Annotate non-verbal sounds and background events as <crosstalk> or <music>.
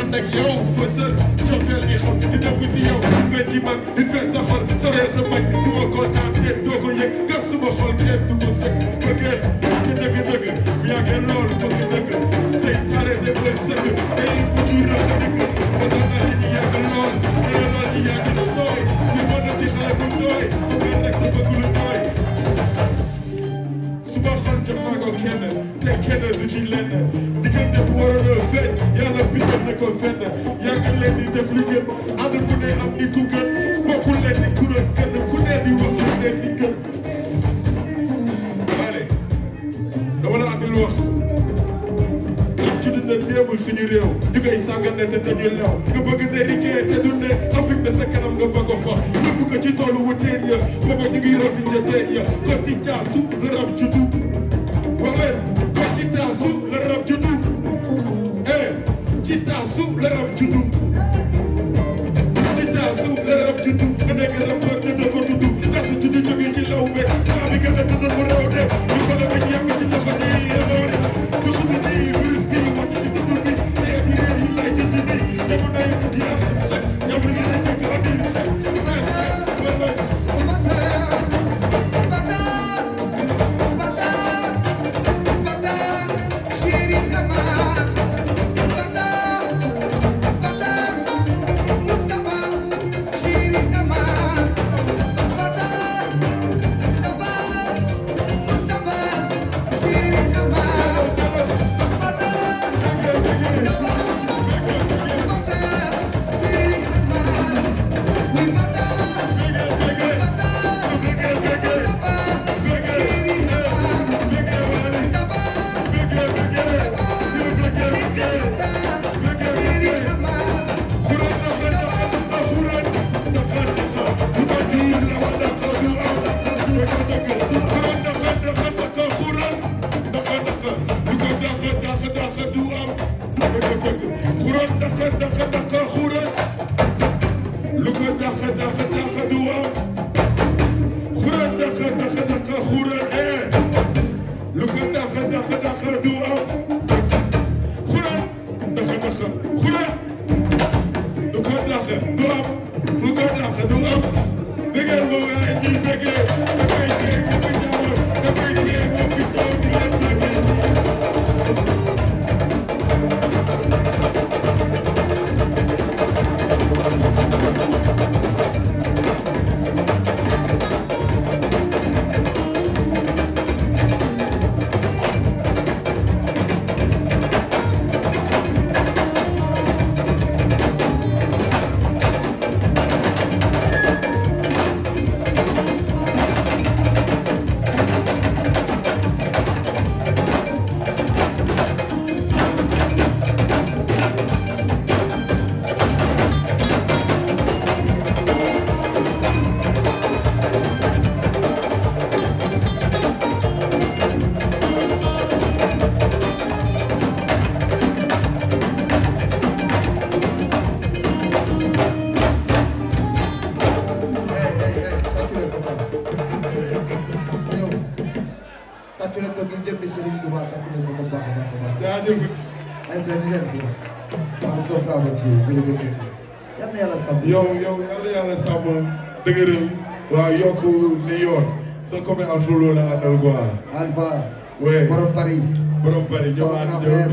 ànd ak yow fa sër cofeel gi xam di dëbb si yow metti man di fees sa xol soreel sa bañ du ma kontaan kenn doo ko yëg gas suma xol kenn du ma sëg bëggeel ci dëgg-dëgg bu yàggee loolu fokk dëgg say tare de ba sëg day mujj rafetiku ba tax naa ci di yàgg lool day lool di yàgg sooy di mën na si xale bu tooy ku mel nag te bëgg lu nooy suma xol jox maa ko kenn te kenn du ci lenn diggante bu waroon a feeñ la piccet ne ko fenn yàgg leen di def li a ànd ku ne am nit ku gën bokkul leen di kuréel kenn ne di wax lu ne si gën ale dama la àndil wax liñ ci dund démb suñu réew ñu koy sàggane te dañu lew nga bëgg ne rikkee te dunde Afrique ne sa kanam nga bëgg fa yóbbu ko ci toolu wuteen ya booba ñu ngi roti ca teen ya kon di caasu dëgg soo ko amal fii jërëjëf yal na yàlla sàmm. yow yow yal na yàlla sàmm dëgëral waaw yokk ni yoon sa comme Alpha Lola àndal quoi. Alpha. oui borom Paris. borom Paris ñëw ànd <laughs>